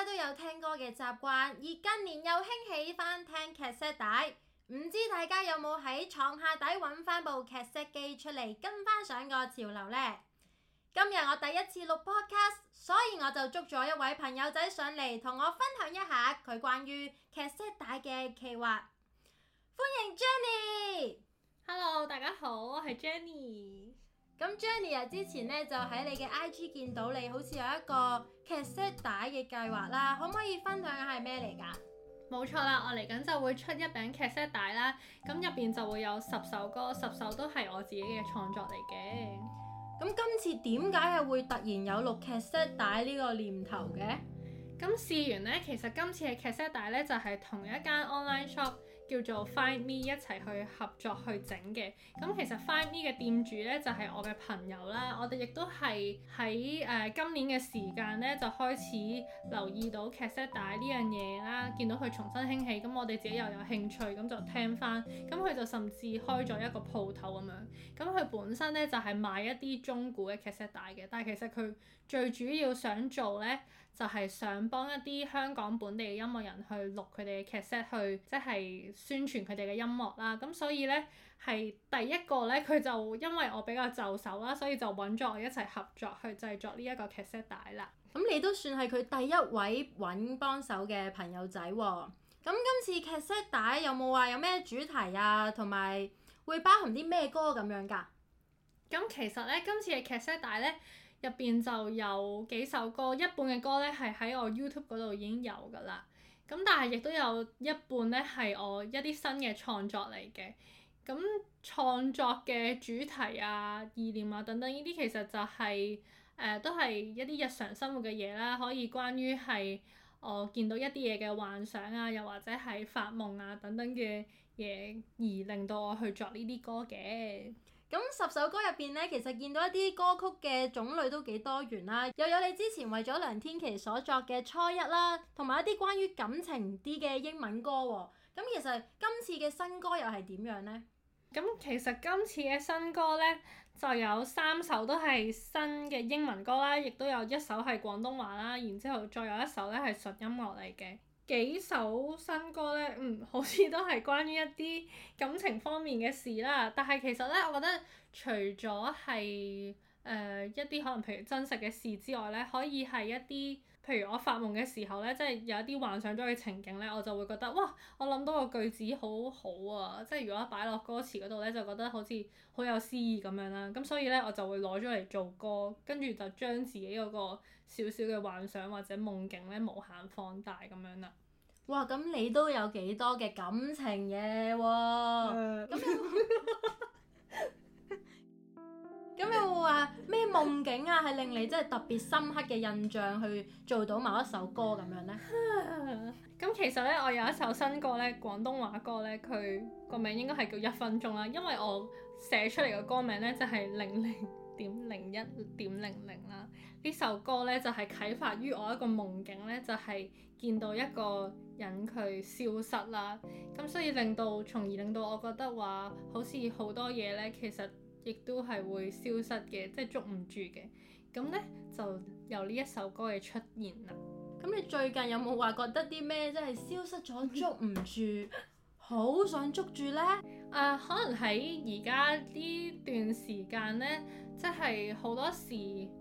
大家都有聽歌嘅習慣，而近年又興起翻聽 cassette 帶，唔知大家有冇喺床下底揾翻部 cassette 機出嚟跟翻上個潮流呢？今日我第一次錄 podcast，所以我就捉咗一位朋友仔上嚟同我分享一下佢關於 cassette 帶嘅企劃。歡迎 Jenny，Hello，大家好，我係 Jenny。咁 Jenny 啊，之前咧就喺你嘅 IG 見到你好似有一個 cassette 帶嘅計劃啦，可唔可以分享下係咩嚟㗎？冇錯啦，我嚟緊就會出一餅 cassette 帶啦，咁入邊就會有十首歌，十首都係我自己嘅創作嚟嘅。咁今次點解又會突然有錄 cassette 帶呢個念頭嘅？咁試完呢，其實今次嘅 cassette 帶咧就係、是、同一間 online shop，叫做 Find Me 一齊去合作去整嘅，咁其實 Find Me 嘅店主咧就係、是、我嘅朋友啦，我哋亦都係喺誒今年嘅時間咧就開始留意到 cassette 帶呢樣嘢啦，見到佢重新興起，咁我哋自己又有興趣，咁就聽翻，咁佢就甚至開咗一個鋪頭咁樣，咁佢本身咧就係、是、賣一啲中古嘅 cassette 帶嘅，但係其實佢最主要想做咧。就係想幫一啲香港本地嘅音樂人去錄佢哋嘅 cassette，去即係宣傳佢哋嘅音樂啦。咁所以呢，係第一個呢，佢就因為我比較就手啦，所以就揾咗我一齊合作去製作呢一個 cassette 帶啦。咁你都算係佢第一位揾幫手嘅朋友仔、啊、喎。咁今次 cassette 帶有冇話有咩主題啊？同埋會包含啲咩歌咁樣噶？咁其實呢，今次嘅 cassette 帶呢。入邊就有幾首歌，一半嘅歌咧係喺我 YouTube 嗰度已經有噶啦，咁但係亦都有一半咧係我一啲新嘅創作嚟嘅。咁創作嘅主題啊、意念啊等等呢啲其實就係、是、誒、呃、都係一啲日常生活嘅嘢啦，可以關於係我見到一啲嘢嘅幻想啊，又或者係發夢啊等等嘅嘢而令到我去作呢啲歌嘅。咁十首歌入邊呢，其實見到一啲歌曲嘅種類都幾多元啦，又有你之前為咗梁天琦所作嘅初一啦，同埋一啲關於感情啲嘅英文歌喎、哦。咁其實今次嘅新歌又係點樣呢？咁其實今次嘅新歌呢，就有三首都係新嘅英文歌啦，亦都有一首係廣東話啦，然之後再有一首呢係純音樂嚟嘅。幾首新歌咧，嗯，好似都係關於一啲感情方面嘅事啦。但係其實咧，我覺得除咗係誒一啲可能譬如真實嘅事之外咧，可以係一啲譬如我發夢嘅時候咧，即係有一啲幻想咗嘅情景咧，我就會覺得哇，我諗到個句子好好啊！即係如果擺落歌詞嗰度咧，就覺得好似好有詩意咁樣啦。咁所以咧，我就會攞咗嚟做歌，跟住就將自己嗰個。少少嘅幻想或者夢境咧，無限放大咁樣啦。哇！咁你都有幾多嘅感情嘅、啊、喎？咁有冇話咩夢境啊？係令你真係特別深刻嘅印象去做到某一首歌咁樣呢？咁 其實呢，我有一首新歌呢，廣東話歌呢，佢個名應該係叫一分鐘啦，因為我寫出嚟嘅歌名呢，就係零零，點零一點零零啦，呢首歌呢，就係啟發於我一個夢境，呢就係見到一個人佢消失啦，咁所以令到，從而令到我覺得話，好似好多嘢呢，其實亦都係會消失嘅，即係捉唔住嘅，咁呢，就由呢一首歌嘅出現啦。咁你最近有冇話覺得啲咩即係消失咗捉唔住，好 想捉住呢，誒，uh, 可能喺而家呢段時間呢。即係好多時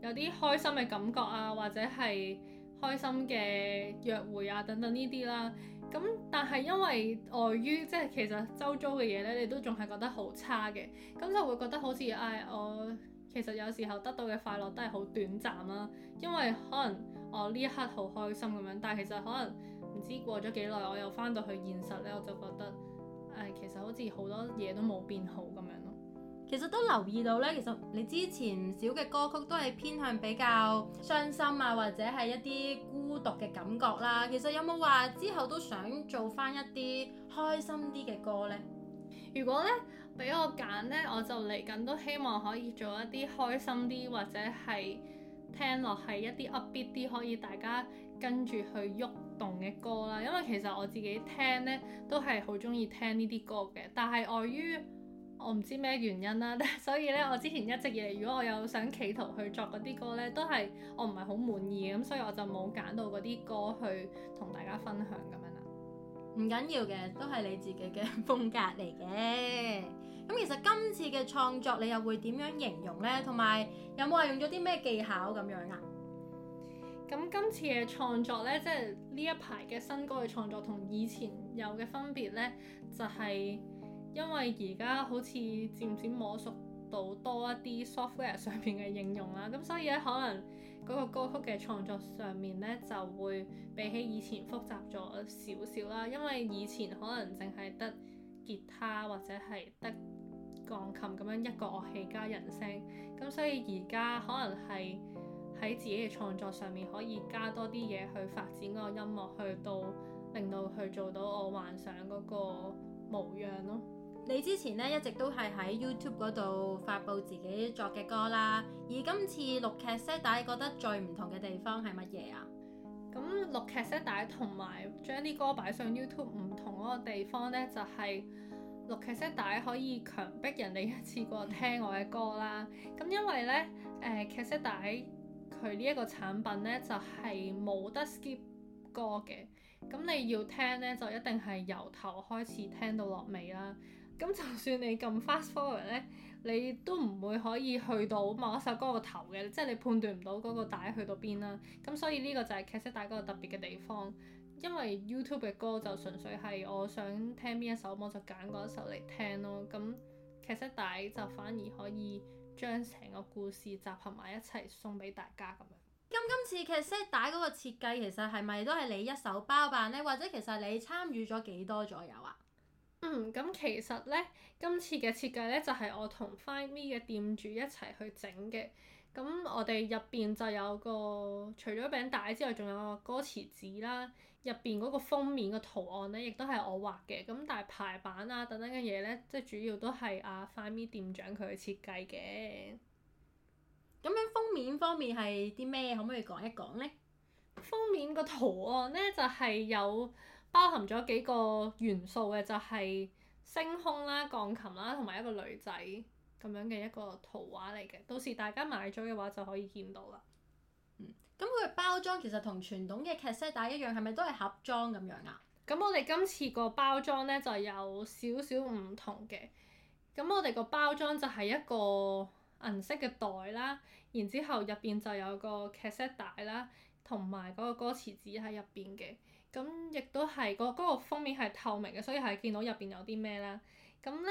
有啲開心嘅感覺啊，或者係開心嘅約會啊等等呢啲啦。咁但係因為礙於即係其實周遭嘅嘢咧，你都仲係覺得好差嘅。咁就會覺得好似唉、哎，我其實有時候得到嘅快樂都係好短暫啦。因為可能我呢一刻好開心咁樣，但係其實可能唔知過咗幾耐，我又返到去現實咧，我就覺得誒、哎、其實好似好多嘢都冇變好咁樣咯。其實都留意到咧，其實你之前少嘅歌曲都係偏向比較傷心啊，或者係一啲孤獨嘅感覺啦。其實有冇話之後都想做翻一啲開心啲嘅歌呢？如果咧俾我揀呢，我就嚟緊都希望可以做一啲開心啲，或者係聽落係一啲 upbeat 啲，可以大家跟住去喐動嘅歌啦。因為其實我自己聽呢，都係好中意聽呢啲歌嘅，但係礙於。我唔知咩原因啦，所以咧，我之前一直以嚟，如果我有想企圖去作嗰啲歌咧，都係我唔係好滿意咁，所以我就冇揀到嗰啲歌去同大家分享咁樣啦。唔緊要嘅，都係你自己嘅風格嚟嘅。咁其實今次嘅創作你又會點樣形容呢？同埋有冇話用咗啲咩技巧咁樣啊？咁今次嘅創作呢，即係呢一排嘅新歌嘅創作同以前有嘅分別呢，就係、是。因為而家好似漸漸摸熟到多一啲 software 上面嘅應用啦，咁所以咧，可能嗰個歌曲嘅創作上面咧就會比起以前複雜咗少少啦。因為以前可能淨係得吉他或者係得鋼琴咁樣一個樂器加人聲，咁所以而家可能係喺自己嘅創作上面可以加多啲嘢去發展個音樂，去到令到去做到我幻想嗰個模樣咯。你之前咧一直都係喺 YouTube 嗰度發布自己作嘅歌啦，而今次錄卡式帶覺得最唔同嘅地方係乜嘢啊？咁錄卡式帶同埋將啲歌擺上 YouTube 唔同嗰個地方呢，就係錄卡式帶可以強迫人哋一次過聽我嘅歌啦。咁因為呢誒、呃、卡式帶佢呢一個產品呢就係冇得 skip 歌嘅，咁你要聽呢，就一定係由頭開始聽到落尾啦。咁就算你咁 fast forward 咧，你都唔會可以去到某一首歌個頭嘅，即係你判斷唔到嗰個帶去到邊啦。咁所以呢個就係 cassette 帶嗰個特別嘅地方，因為 YouTube 嘅歌就純粹係我想聽邊一首，我就揀嗰一首嚟聽咯。咁 cassette 帶就反而可以將成個故事集合埋一齊送俾大家咁樣。咁今次 cassette 帶嗰個設計其實係咪都係你一手包辦咧？或者其實你參與咗幾多左右啊？嗯，咁其實呢，今次嘅設計呢，就係我同 Find Me 嘅店主一齊去整嘅。咁我哋入邊就有個除咗餅帶之外，仲有個歌詞紙啦。入邊嗰個封面個圖案呢，亦都係我畫嘅。咁但係排版啊等等嘅嘢呢，即係主要都係阿 Find Me 店長佢去設計嘅。咁樣封面方面係啲咩？可唔可以講一講呢？封面個圖案呢，就係有，包含咗幾個元素嘅就係、是、星空啦、鋼琴啦，同埋一個女仔咁樣嘅一個圖畫嚟嘅。到時大家買咗嘅話就可以見到啦。嗯，咁佢包裝其實同傳統嘅 cassette 帶一樣，係咪都係盒裝咁樣啊？咁我哋今次個包裝呢就有少少唔同嘅。咁我哋個包裝就係一個銀色嘅袋啦，然之後入邊就有個 cassette 帶啦，同埋嗰個歌詞紙喺入邊嘅。咁亦都係個嗰封面係透明嘅，所以係見到入邊有啲咩啦。咁呢，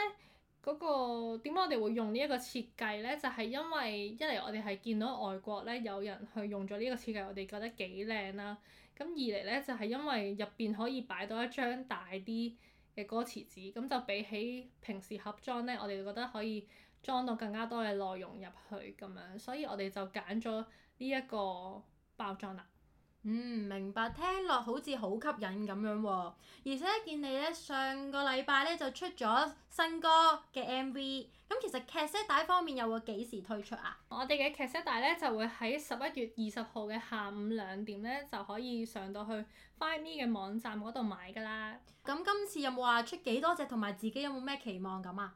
嗰、嗰個點解我哋會用呢一個設計呢？就係、係、因為一嚟我哋係見到外國呢有人去用咗呢個設計，我哋覺得幾靚啦。咁二嚟呢，就係、係、因為入邊可以擺到一張大啲嘅歌詞紙，咁就比起平時盒裝呢，我哋覺得可以裝到更加多嘅內容入去咁樣，所以我哋就揀咗呢一個包裝啦。嗯，明白，聽落好似好吸引咁樣喎、啊。而且見你呢，上個禮拜呢就出咗新歌嘅 MV，咁、嗯、其實卡式帶方面又會幾時推出啊？我哋嘅卡式帶呢就會喺十一月二十號嘅下午兩點呢，就可以上到去 Find Me 嘅網站嗰度買噶啦。咁、嗯、今次有冇話出幾多隻，同埋自己有冇咩期望咁啊？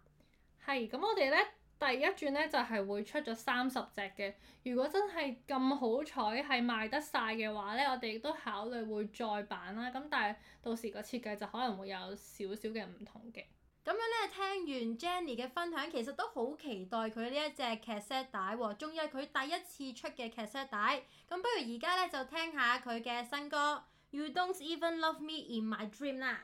係，咁我哋呢。第一轉咧就係會出咗三十隻嘅，如果真係咁好彩係賣得晒嘅話咧，我哋亦都考慮會再版啦。咁但係到時個設計就可能會有少少嘅唔同嘅。咁樣咧，聽完 Jenny 嘅分享，其實都好期待佢呢一隻卡式帶喎，因為佢第一次出嘅卡式帶。咁不如而家咧就聽下佢嘅新歌《You Don't Even Love Me In My Dream》啦。